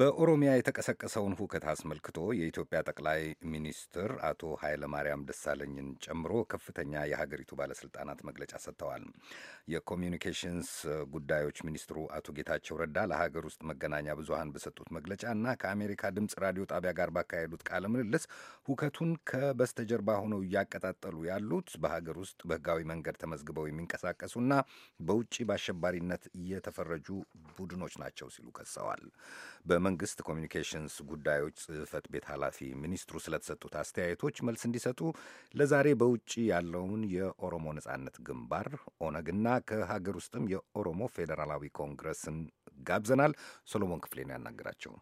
በኦሮሚያ የተቀሰቀሰውን ሁከት አስመልክቶ የኢትዮጵያ ጠቅላይ ሚኒስትር አቶ ኃይለማርያም ደሳለኝን ጨምሮ ከፍተኛ የሀገሪቱ ባለስልጣናት መግለጫ ሰጥተዋል። የኮሚዩኒኬሽንስ ጉዳዮች ሚኒስትሩ አቶ ጌታቸው ረዳ ለሀገር ውስጥ መገናኛ ብዙሃን በሰጡት መግለጫ እና ከአሜሪካ ድምፅ ራዲዮ ጣቢያ ጋር ባካሄዱት ቃለ ምልልስ ሁከቱን ከበስተጀርባ ሆነው እያቀጣጠሉ ያሉት በሀገር ውስጥ በህጋዊ መንገድ ተመዝግበው የሚንቀሳቀሱና በውጭ በአሸባሪነት የተፈረጁ ቡድኖች ናቸው ሲሉ ከሰዋል። የመንግስት ኮሚኒኬሽንስ ጉዳዮች ጽህፈት ቤት ኃላፊ ሚኒስትሩ ስለተሰጡት አስተያየቶች መልስ እንዲሰጡ ለዛሬ በውጭ ያለውን የኦሮሞ ነጻነት ግንባር ኦነግና ከሀገር ውስጥም የኦሮሞ ፌዴራላዊ ኮንግረስን ጋብዘናል። ሶሎሞን ክፍሌን ያናገራቸው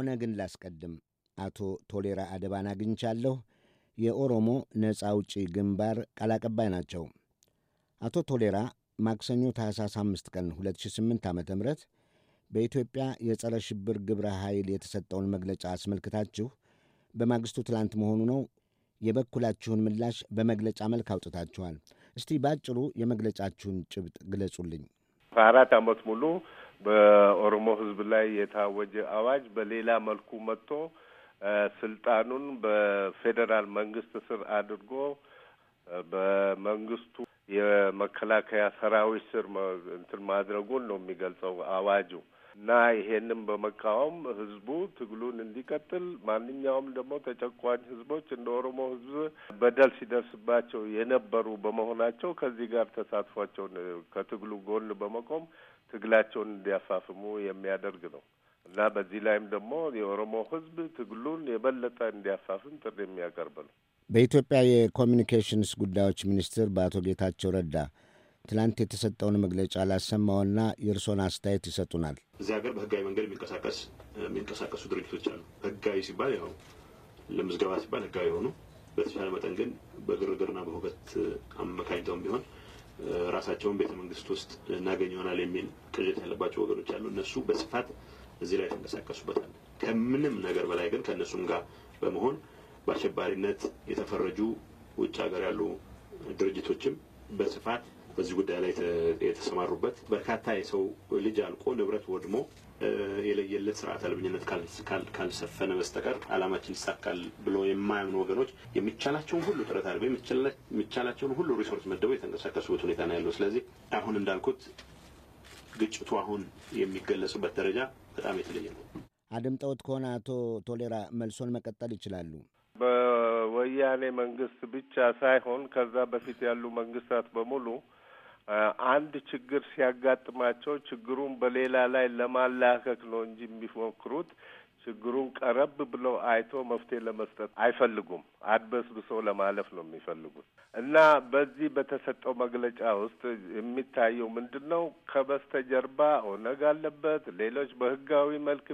ኦነግን ላስቀድም። አቶ ቶሌራ አደባን አግኝቻለሁ። የኦሮሞ ነጻ አውጪ ግንባር ቃል አቀባይ ናቸው። አቶ ቶሌራ ማክሰኞ ታህሳስ 5 ቀን 2008 ዓ ም በኢትዮጵያ የጸረ ሽብር ግብረ ኃይል የተሰጠውን መግለጫ አስመልክታችሁ በማግስቱ ትላንት መሆኑ ነው የበኩላችሁን ምላሽ በመግለጫ መልክ አውጥታችኋል። እስቲ ባጭሩ የመግለጫችሁን ጭብጥ ግለጹልኝ። ከአራት ዓመት ሙሉ በኦሮሞ ሕዝብ ላይ የታወጀ አዋጅ በሌላ መልኩ መጥቶ ስልጣኑን በፌዴራል መንግስት ስር አድርጎ በመንግስቱ የመከላከያ ሰራዊት ስር እንትን ማድረጉን ነው የሚገልጸው አዋጁ። እና ይሄንም በመቃወም ህዝቡ ትግሉን እንዲቀጥል ማንኛውም ደግሞ ተጨቋኝ ህዝቦች እንደ ኦሮሞ ህዝብ በደል ሲደርስባቸው የነበሩ በመሆናቸው ከዚህ ጋር ተሳትፏቸውን ከትግሉ ጎን በመቆም ትግላቸውን እንዲያፋፍሙ የሚያደርግ ነው እና በዚህ ላይም ደግሞ የኦሮሞ ህዝብ ትግሉን የበለጠ እንዲያፋፍም ጥሪ የሚያቀርብ ነው። በኢትዮጵያ የኮሚኒኬሽንስ ጉዳዮች ሚኒስትር በአቶ ጌታቸው ረዳ ትላንት የተሰጠውን መግለጫ ላሰማውና የእርሶን አስተያየት ይሰጡናል። እዚህ ሀገር በህጋዊ መንገድ የሚንቀሳቀስ የሚንቀሳቀሱ ድርጅቶች አሉ። ህጋዊ ሲባል ያው ለምዝገባ ሲባል ህጋዊ የሆኑ በተቻለ መጠን ግን በግርግርና በሁከት አመካኝተውም ቢሆን ራሳቸውን ቤተ መንግስት ውስጥ እናገኝ ይሆናል የሚል ቅዠት ያለባቸው ወገኖች አሉ። እነሱ በስፋት እዚህ ላይ ተንቀሳቀሱበታል። ከምንም ነገር በላይ ግን ከእነሱም ጋር በመሆን በአሸባሪነት የተፈረጁ ውጭ ሀገር ያሉ ድርጅቶችም በስፋት በዚህ ጉዳይ ላይ የተሰማሩበት በርካታ የሰው ልጅ አልቆ ንብረት ወድሞ የለየለት ስርዓት አልብኝነት ካልሰፈነ በስተቀር አላማችን ይሳካል ብሎ የማያምኑ ወገኖች የሚቻላቸውን ሁሉ ጥረት አድርገው የሚቻላቸውን ሁሉ ሪሶርስ መደበው የተንቀሳቀሱበት ሁኔታ ነው ያለው። ስለዚህ አሁን እንዳልኩት ግጭቱ አሁን የሚገለጽበት ደረጃ በጣም የተለየ ነው። አድምጠውት ከሆነ አቶ ቶሌራ መልሶን መቀጠል ይችላሉ። በወያኔ መንግስት ብቻ ሳይሆን ከዛ በፊት ያሉ መንግስታት በሙሉ አንድ ችግር ሲያጋጥማቸው ችግሩን በሌላ ላይ ለማላከክ ነው እንጂ የሚሞክሩት ችግሩን ቀረብ ብለው አይቶ መፍትሄ ለመስጠት አይፈልጉም። አድበስብሰው ለማለፍ ነው የሚፈልጉት እና በዚህ በተሰጠው መግለጫ ውስጥ የሚታየው ምንድን ነው? ከበስተጀርባ ኦነግ አለበት፣ ሌሎች በህጋዊ መልክ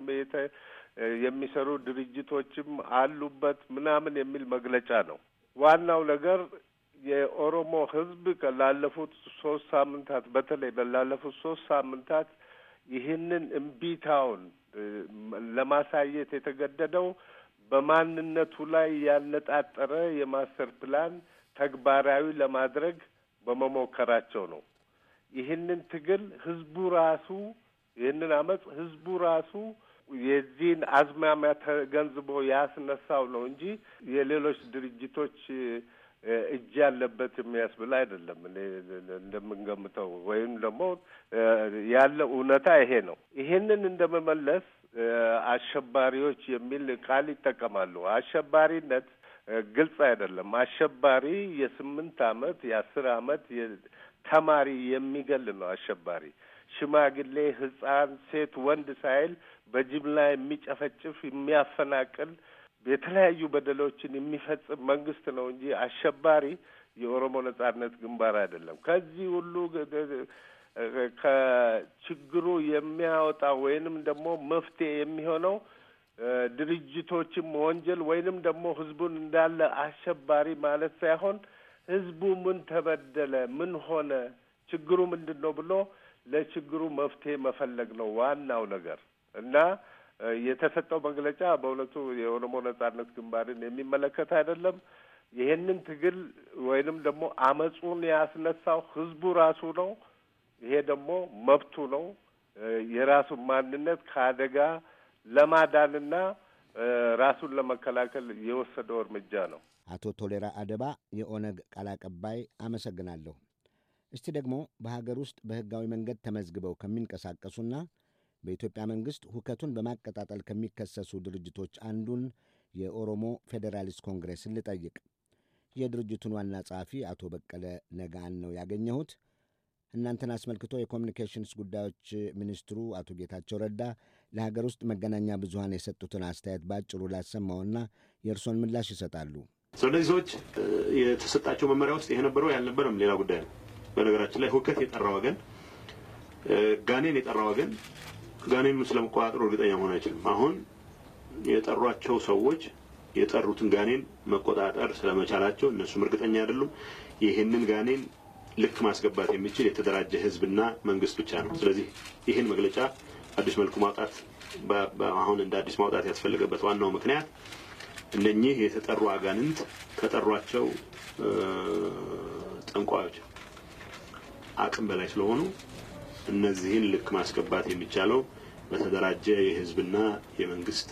የሚሰሩ ድርጅቶችም አሉበት ምናምን የሚል መግለጫ ነው። ዋናው ነገር የኦሮሞ ህዝብ ላለፉት ሶስት ሳምንታት በተለይ ላለፉት ሶስት ሳምንታት ይህንን እምቢታውን ለማሳየት የተገደደው በማንነቱ ላይ ያነጣጠረ የማስተር ፕላን ተግባራዊ ለማድረግ በመሞከራቸው ነው። ይህንን ትግል ህዝቡ ራሱ ይህንን አመፅ ህዝቡ ራሱ የዚህን አዝማሚያ ተገንዝቦ ያስነሳው ነው እንጂ የሌሎች ድርጅቶች እጅ ያለበት የሚያስብል አይደለም። እንደምንገምተው ወይም ደግሞ ያለ እውነታ ይሄ ነው። ይሄንን እንደመመለስ አሸባሪዎች የሚል ቃል ይጠቀማሉ። አሸባሪነት ግልጽ አይደለም። አሸባሪ የስምንት አመት የአስር አመት ተማሪ የሚገል ነው። አሸባሪ ሽማግሌ፣ ህፃን ሴት፣ ወንድ ሳይል በጅምላ የሚጨፈጭፍ የሚያፈናቅል የተለያዩ በደሎችን የሚፈጽም መንግስት ነው እንጂ አሸባሪ የኦሮሞ ነጻነት ግንባር አይደለም። ከዚህ ሁሉ ከችግሩ የሚያወጣ ወይንም ደግሞ መፍትሄ የሚሆነው ድርጅቶችን መወንጀል ወይንም ደግሞ ህዝቡን እንዳለ አሸባሪ ማለት ሳይሆን ህዝቡ ምን ተበደለ፣ ምን ሆነ፣ ችግሩ ምንድን ነው ብሎ ለችግሩ መፍትሄ መፈለግ ነው ዋናው ነገር እና የተሰጠው መግለጫ በእውነቱ የኦሮሞ ነጻነት ግንባርን የሚመለከት አይደለም። ይሄንን ትግል ወይንም ደግሞ አመፁን ያስነሳው ህዝቡ ራሱ ነው። ይሄ ደግሞ መብቱ ነው። የራሱን ማንነት ከአደጋ ለማዳንና ራሱን ለመከላከል የወሰደው እርምጃ ነው። አቶ ቶሌራ አደባ የኦነግ ቃል አቀባይ፣ አመሰግናለሁ። እስቲ ደግሞ በሀገር ውስጥ በህጋዊ መንገድ ተመዝግበው ከሚንቀሳቀሱና በኢትዮጵያ መንግሥት ሁከቱን በማቀጣጠል ከሚከሰሱ ድርጅቶች አንዱን የኦሮሞ ፌዴራሊስት ኮንግሬስን ልጠይቅ። የድርጅቱን ዋና ጸሐፊ አቶ በቀለ ነጋን ነው ያገኘሁት። እናንተን አስመልክቶ የኮሚኒኬሽንስ ጉዳዮች ሚኒስትሩ አቶ ጌታቸው ረዳ ለሀገር ውስጥ መገናኛ ብዙሀን የሰጡትን አስተያየት በአጭሩ ላሰማውና የእርሶን ምላሽ ይሰጣሉ። ስለዚህ ሰዎች የተሰጣቸው መመሪያ ውስጥ ይሄ ነበረው ያልነበረም ሌላ ጉዳይ ነው። በነገራችን ላይ ሁከት የጠራ ወገን፣ ጋኔን የጠራ ወገን ጋኔኑን ስለመቆጣጠሩ እርግጠኛ መሆን አይችልም። አሁን የጠሯቸው ሰዎች የጠሩትን ጋኔን መቆጣጠር ስለመቻላቸው እነሱም እርግጠኛ አይደሉም። ይህንን ጋኔን ልክ ማስገባት የሚችል የተደራጀ ህዝብና መንግስት ብቻ ነው። ስለዚህ ይህን መግለጫ አዲስ መልኩ ማውጣት አሁን እንደ አዲስ ማውጣት ያስፈለገበት ዋናው ምክንያት እነኚህ የተጠሩ አጋንንት ከጠሯቸው ጠንቋዮች አቅም በላይ ስለሆኑ እነዚህን ልክ ማስገባት የሚቻለው በተደራጀ የህዝብና የመንግስት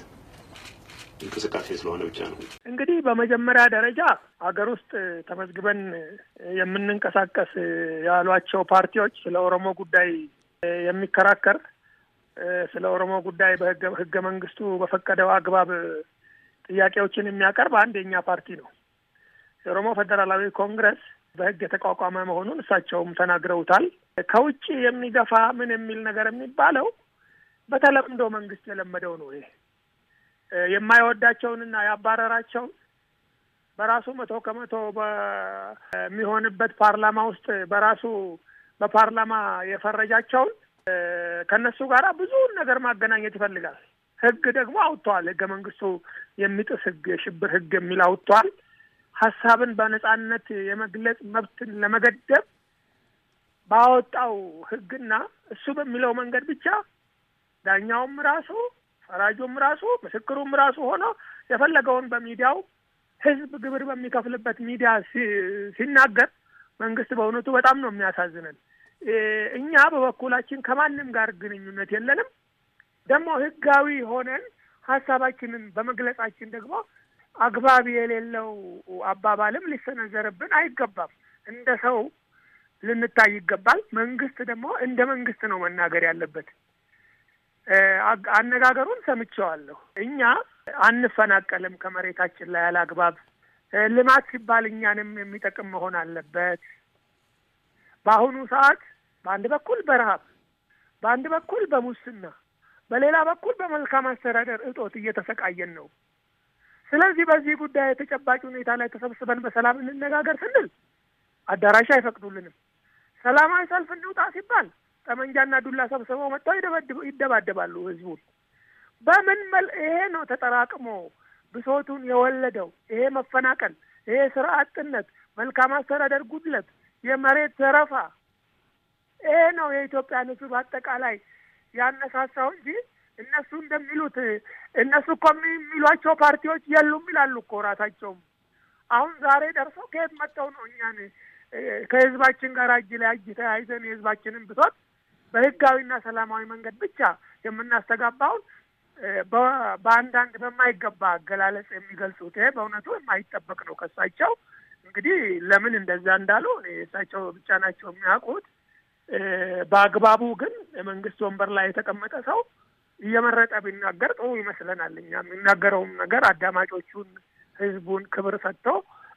እንቅስቃሴ ስለሆነ ብቻ ነው። እንግዲህ በመጀመሪያ ደረጃ ሀገር ውስጥ ተመዝግበን የምንንቀሳቀስ ያሏቸው ፓርቲዎች ስለ ኦሮሞ ጉዳይ የሚከራከር ስለ ኦሮሞ ጉዳይ በህገ መንግስቱ በፈቀደው አግባብ ጥያቄዎችን የሚያቀርብ አንድ የኛ ፓርቲ ነው። የኦሮሞ ፌዴራላዊ ኮንግረስ በህግ የተቋቋመ መሆኑን እሳቸውም ተናግረውታል። ከውጭ የሚገፋ ምን የሚል ነገር የሚባለው በተለምዶ መንግስት የለመደው ነው። ይሄ የማይወዳቸውንና ያባረራቸውን በራሱ መቶ ከመቶ በሚሆንበት ፓርላማ ውስጥ በራሱ በፓርላማ የፈረጃቸውን ከነሱ ጋር ብዙውን ነገር ማገናኘት ይፈልጋል። ህግ ደግሞ አውጥተዋል። ህገ መንግስቱ የሚጥስ ህግ፣ የሽብር ህግ የሚል አውጥተዋል። ሀሳብን በነጻነት የመግለጽ መብትን ለመገደብ ባወጣው ህግና እሱ በሚለው መንገድ ብቻ ዳኛውም ራሱ ፈራጁም ራሱ ምስክሩም ራሱ ሆኖ የፈለገውን በሚዲያው ህዝብ ግብር በሚከፍልበት ሚዲያ ሲናገር መንግስት በእውነቱ በጣም ነው የሚያሳዝነን። እኛ በበኩላችን ከማንም ጋር ግንኙነት የለንም። ደግሞ ህጋዊ ሆነን ሀሳባችንን በመግለጻችን ደግሞ አግባብ የሌለው አባባልም ሊሰነዘርብን አይገባም። እንደ ሰው ልንታይ ይገባል። መንግስት ደግሞ እንደ መንግስት ነው መናገር ያለበት። አነጋገሩን ሰምቼዋለሁ። እኛ አንፈናቀልም ከመሬታችን ላይ ያለ አግባብ። ልማት ሲባል እኛንም የሚጠቅም መሆን አለበት። በአሁኑ ሰዓት በአንድ በኩል በረሃብ በአንድ በኩል በሙስና፣ በሌላ በኩል በመልካም አስተዳደር እጦት እየተሰቃየን ነው። ስለዚህ በዚህ ጉዳይ የተጨባጭ ሁኔታ ላይ ተሰብስበን በሰላም እንነጋገር ስንል አዳራሽ አይፈቅዱልንም። ሰላማዊ ሰልፍ እንውጣ ሲባል ጠመንጃና ዱላ ሰብስበው መጥተው ይደባደባሉ ህዝቡን። በምን መል ይሄ ነው ተጠራቅሞ ብሶቱን የወለደው ይሄ መፈናቀል፣ ይሄ ስራ አጥነት፣ መልካም አስተዳደር ጉድለት፣ የመሬት ዘረፋ ይሄ ነው የኢትዮጵያን ህዝብ አጠቃላይ ያነሳሳው እንጂ እነሱ እንደሚሉት እነሱ እኮ የሚሏቸው ፓርቲዎች የሉም ይላሉ እኮ ራሳቸውም። አሁን ዛሬ ደርሰው ከየት መጥተው ነው እኛን ከህዝባችን ጋር እጅ ለእጅ ተያይዘን የህዝባችንን ብሶት በህጋዊና ሰላማዊ መንገድ ብቻ የምናስተጋባውን በአንዳንድ በማይገባ አገላለጽ የሚገልጹት ይሄ በእውነቱ የማይጠበቅ ነው ከእሳቸው። እንግዲህ ለምን እንደዛ እንዳሉ እሳቸው ብቻ ናቸው የሚያውቁት። በአግባቡ ግን የመንግስት ወንበር ላይ የተቀመጠ ሰው እየመረጠ ቢናገር ጥሩ ይመስለናል። እኛ የሚናገረውም ነገር አዳማጮቹን፣ ህዝቡን ክብር ሰጥቶ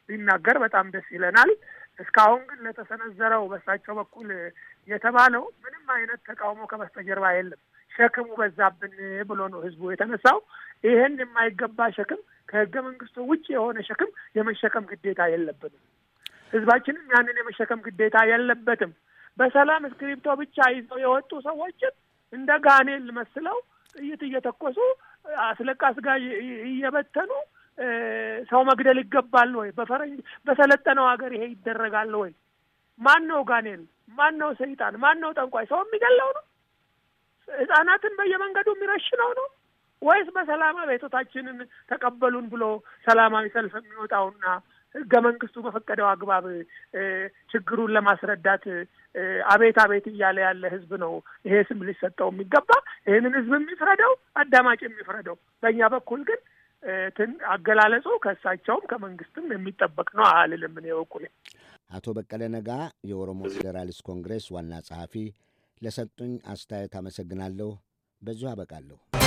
ቢናገር በጣም ደስ ይለናል። እስካሁን ግን ለተሰነዘረው በሳቸው በኩል የተባለው ምንም አይነት ተቃውሞ ከበስተጀርባ የለም። ሸክሙ በዛብን ብሎ ነው ህዝቡ የተነሳው። ይህን የማይገባ ሸክም ከህገ መንግስቱ ውጭ የሆነ ሸክም የመሸከም ግዴታ የለብንም። ህዝባችንም ያንን የመሸከም ግዴታ የለበትም። በሰላም እስክሪብቶ ብቻ ይዘው የወጡ ሰዎችን እንደ ጋኔል መስለው ጥይት እየተኮሱ አስለቃስ ጋር እየበተኑ ሰው መግደል ይገባል ወይ? በፈረንጅ በሰለጠነው ሀገር ይሄ ይደረጋል ወይ? ማን ነው ጋኔል? ማን ነው ሰይጣን? ማን ነው ጠንቋይ? ሰው የሚገላው ነው? ህጻናትን በየመንገዱ የሚረሽነው ነው ወይስ በሰላማዊ ቤቶታችንን ተቀበሉን ብሎ ሰላማዊ ሰልፍ የሚወጣውና ህገ መንግስቱ በፈቀደው አግባብ ችግሩን ለማስረዳት አቤት አቤት እያለ ያለ ህዝብ ነው። ይሄ ስም ሊሰጠው የሚገባ ይህንን ህዝብ የሚፍረደው አዳማጭ የሚፍረደው። በእኛ በኩል ግን አገላለጹ ከእሳቸውም ከመንግስትም የሚጠበቅ ነው አልልም። እኔ በኩሌ አቶ በቀለ ነጋ የኦሮሞ ፌዴራሊስት ኮንግሬስ ዋና ጸሐፊ ለሰጡኝ አስተያየት አመሰግናለሁ። በዚሁ አበቃለሁ።